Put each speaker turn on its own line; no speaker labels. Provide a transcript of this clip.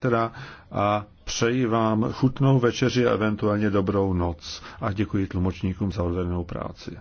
Petra a přeji vám chutnou večeři a eventuálně dobrou noc. A
děkuji tlumočníkům za odvedenou práci.